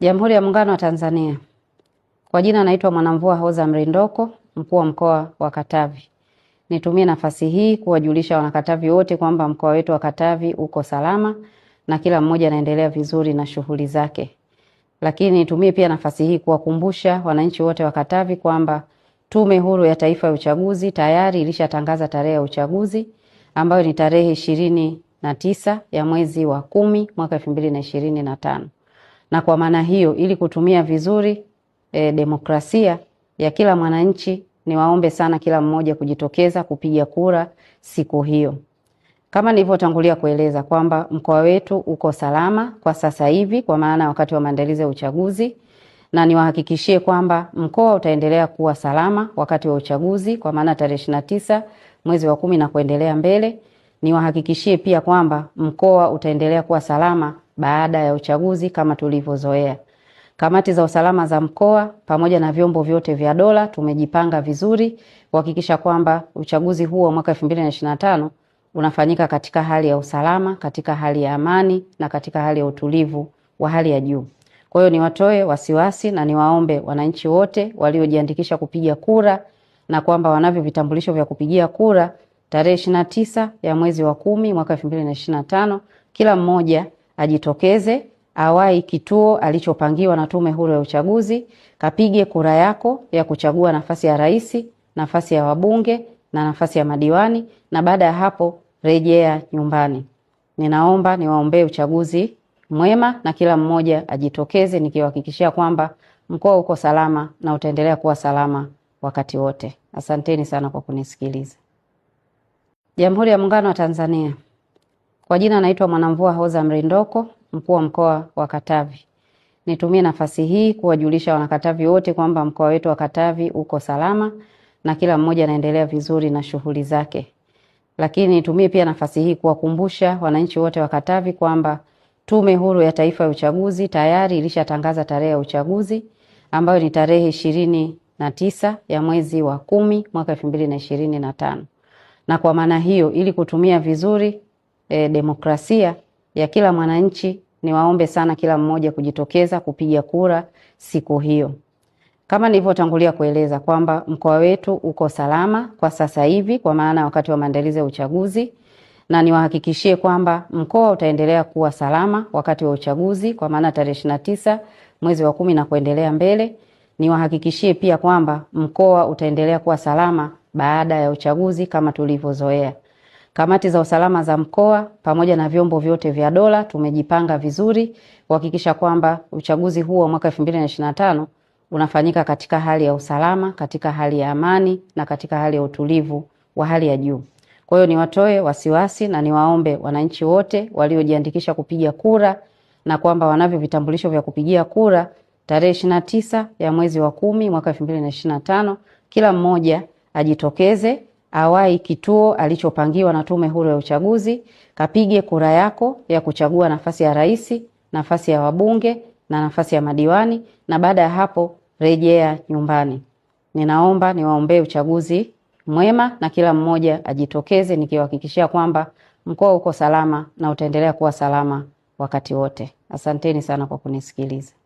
Jamhuri ya Muungano wa Tanzania. Kwa jina naitwa Mwanamvua Hoza Mrindoko, mkuu wa mkoa wa Katavi. Nitumie nafasi hii kuwajulisha wanakatavi wote kwamba mkoa wetu wa Katavi uko salama na kila mmoja anaendelea vizuri na shughuli zake. Lakini nitumie pia nafasi hii kuwakumbusha wananchi wote wa Katavi kwamba Tume Huru ya Taifa ya Uchaguzi tayari ilishatangaza tarehe ya uchaguzi ambayo ni tarehe ishirini na tisa ya mwezi wa kumi mwaka elfu mbili na ishirini na tano na kwa maana hiyo, ili kutumia vizuri e, demokrasia ya kila mwananchi, niwaombe sana kila mmoja kujitokeza kupiga kura siku hiyo. Kama nilivyotangulia kueleza kwamba mkoa wetu uko salama kwa sasa hivi, kwa maana wakati wa maandalizi ya uchaguzi, na niwahakikishie kwamba mkoa utaendelea kuwa salama wakati wa uchaguzi, kwa maana tarehe ishirini na tisa mwezi wa kumi na kuendelea mbele. Niwahakikishie pia kwamba mkoa utaendelea kuwa salama baada ya uchaguzi kama tulivyozoea. Kamati za usalama za mkoa pamoja na vyombo vyote vya dola tumejipanga vizuri kuhakikisha kwamba uchaguzi huo wa mwaka 2025 unafanyika katika hali ya usalama, katika hali ya amani na katika hali ya utulivu wa hali ya juu. Kwa hiyo niwatoe wasiwasi na niwaombe wananchi wote waliojiandikisha kupiga kura na kwamba wanavyo vitambulisho vya kupigia kura tarehe 29 ya mwezi wa kumi mwaka 2025 kila mmoja ajitokeze awai kituo alichopangiwa na Tume Huru ya Uchaguzi, kapige kura yako ya kuchagua nafasi ya rais, nafasi ya wabunge na nafasi ya madiwani, na baada ya hapo rejea nyumbani. Ninaomba niwaombee uchaguzi mwema na kila mmoja ajitokeze, nikiwahakikishia kwamba mkoa uko salama na utaendelea kuwa salama wakati wote. Asanteni sana kwa kunisikiliza. Jamhuri ya Muungano wa Tanzania. Kwa jina naitwa Mwanamvua Hoza Mrindoko, mkuu wa mkoa wa Katavi. Nitumie nafasi hii kuwajulisha wanakatavi wote kwamba mkoa wetu wa Katavi uko salama na kila mmoja anaendelea vizuri na shughuli zake. Lakini nitumie pia nafasi hii kuwakumbusha wananchi wote wa Katavi kwamba Tume Huru ya Taifa ya Uchaguzi tayari ilishatangaza tarehe ya uchaguzi ambayo ni tarehe ishirini na tisa ya mwezi wa kumi mwaka elfu mbili na ishirini na tano na kwa maana hiyo, ili kutumia vizuri e, demokrasia ya kila mwananchi, niwaombe sana kila mmoja kujitokeza kupiga kura siku hiyo. Kama nilivyotangulia kueleza kwamba mkoa wetu uko salama kwa sasa hivi, kwa maana wakati wa maandalizi ya uchaguzi, na niwahakikishie kwamba mkoa utaendelea kuwa salama wakati wa uchaguzi, kwa maana tarehe tisa mwezi wa kumi na kuendelea mbele. Niwahakikishie pia kwamba mkoa utaendelea kuwa salama baada ya uchaguzi kama tulivyozoea. Kamati za usalama za mkoa pamoja na vyombo vyote vya dola tumejipanga vizuri kuhakikisha kwamba uchaguzi huu wa mwaka 2025 unafanyika katika hali ya usalama, katika hali ya amani na katika hali ya utulivu wa hali ya juu. Kwa hiyo niwatoe wasiwasi na niwaombe wananchi wote waliojiandikisha kupiga kura na kwamba wanavyo vitambulisho vya kupigia kura tarehe 29 ya mwezi wa kumi mwaka 2025 kila mmoja ajitokeze awai kituo alichopangiwa na Tume Huru ya Uchaguzi, kapige kura yako ya kuchagua nafasi ya rais, nafasi ya wabunge na nafasi ya madiwani, na baada ya hapo rejea nyumbani. Ninaomba niwaombee uchaguzi mwema na kila mmoja ajitokeze, nikiwahakikishia kwamba mkoa uko salama na utaendelea kuwa salama wakati wote. Asanteni sana kwa kunisikiliza.